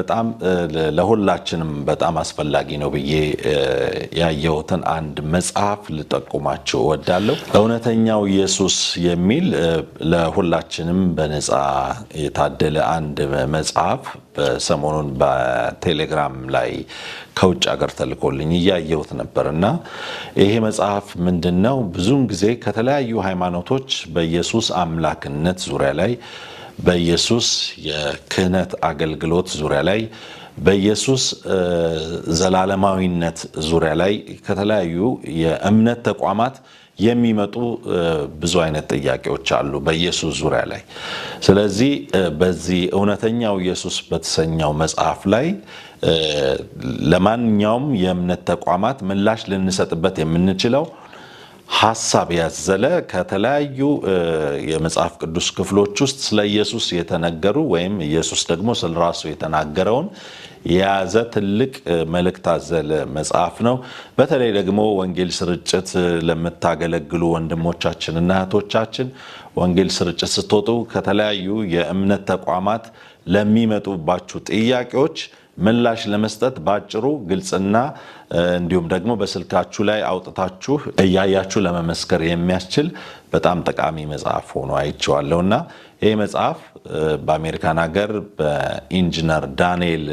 በጣም ለሁላችንም በጣም አስፈላጊ ነው ብዬ ያየሁትን አንድ መጽሐፍ ልጠቁማችሁ እወዳለሁ። እውነተኛው ኢየሱስ የሚል ለሁላችንም በነፃ የታደለ አንድ መጽሐፍ ሰሞኑን በቴሌግራም ላይ ከውጭ ሀገር ተልኮልኝ እያየሁት ነበር እና ይሄ መጽሐፍ ምንድን ነው? ብዙውን ጊዜ ከተለያዩ ሃይማኖቶች በኢየሱስ አምላክነት ዙሪያ ላይ በኢየሱስ የክህነት አገልግሎት ዙሪያ ላይ በኢየሱስ ዘላለማዊነት ዙሪያ ላይ ከተለያዩ የእምነት ተቋማት የሚመጡ ብዙ አይነት ጥያቄዎች አሉ በኢየሱስ ዙሪያ ላይ። ስለዚህ በዚህ እውነተኛው ኢየሱስ በተሰኘው መጽሐፍ ላይ ለማንኛውም የእምነት ተቋማት ምላሽ ልንሰጥበት የምንችለው ሀሳብ ያዘለ ከተለያዩ የመጽሐፍ ቅዱስ ክፍሎች ውስጥ ስለ ኢየሱስ የተነገሩ ወይም ኢየሱስ ደግሞ ስለ ራሱ የተናገረውን የያዘ ትልቅ መልእክት አዘለ መጽሐፍ ነው። በተለይ ደግሞ ወንጌል ስርጭት ለምታገለግሉ ወንድሞቻችንና እህቶቻችን ወንጌል ስርጭት ስትወጡ ከተለያዩ የእምነት ተቋማት ለሚመጡባችሁ ጥያቄዎች ምላሽ ለመስጠት በአጭሩ ግልጽና እንዲሁም ደግሞ በስልካችሁ ላይ አውጥታችሁ እያያችሁ ለመመስከር የሚያስችል በጣም ጠቃሚ መጽሐፍ ሆኖ እና ይህ መጽሐፍ በአሜሪካን ሀገር በኢንጂነር ዳንኤል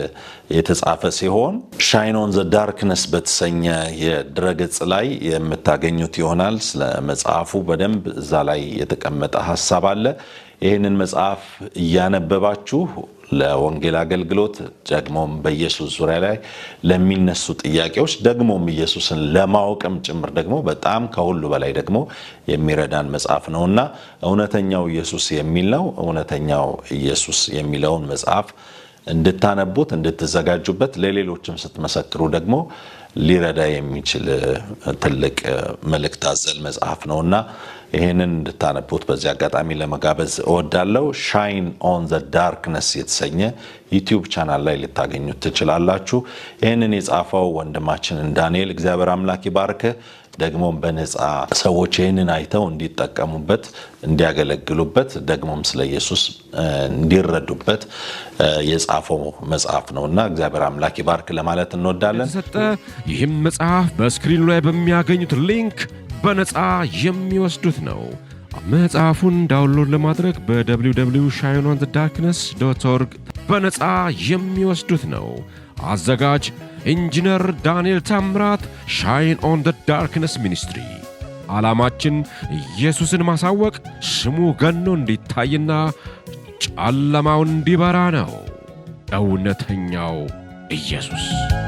የተጻፈ ሲሆን ሻይኖን ዘ ዳርክነስ በተሰኘ የድረገጽ ላይ የምታገኙት ይሆናል። ስለ መጽሐፉ በደንብ እዛ ላይ የተቀመጠ ሀሳብ አለ። ይህንን መጽሐፍ እያነበባችሁ ለወንጌል አገልግሎት ደግሞም በኢየሱስ ዙሪያ ላይ ለሚነሱ ጥያቄዎች ደግሞም ኢየሱስን ለማወቅም ጭምር ደግሞ በጣም ከሁሉ በላይ ደግሞ የሚረዳን መጽሐፍ ነውና እውነተኛው ኢየሱስ የሚል ነው። እውነተኛው ኢየሱስ የሚለውን መጽሐፍ እንድታነቡት እንድትዘጋጁበት፣ ለሌሎችም ስትመሰክሩ ደግሞ ሊረዳ የሚችል ትልቅ መልእክት አዘል መጽሐፍ ነው እና ይህንን እንድታነቡት በዚህ አጋጣሚ ለመጋበዝ እወዳለሁ። ሻይን ኦን ዘ ዳርክነስ የተሰኘ ዩቲዩብ ቻናል ላይ ልታገኙት ትችላላችሁ። ይህንን የጻፈው ወንድማችን ዳንኤል እግዚአብሔር አምላክ ይባርክህ። ደግሞም በነፃ ሰዎች ይህንን አይተው እንዲጠቀሙበት እንዲያገለግሉበት ደግሞም ስለ ኢየሱስ እንዲረዱበት የጻፈው መጽሐፍ ነው እና እግዚአብሔር አምላክ ይባርክ ለማለት እንወዳለን። ሰጠ ይህም መጽሐፍ በስክሪኑ ላይ በሚያገኙት ሊንክ በነፃ የሚወስዱት ነው። መጽሐፉን ዳውንሎድ ለማድረግ በwww ሻይን ዳርክነስ ዶት ኦርግ በነፃ የሚወስዱት ነው። አዘጋጅ ኢንጂነር ዳንኤል ታምራት ሻይን ኦን ደ ዳርክነስ ሚኒስትሪ። ዓላማችን ኢየሱስን ማሳወቅ፣ ስሙ ገኖ እንዲታይና ጨለማው እንዲበራ ነው። እውነተኛው ኢየሱስ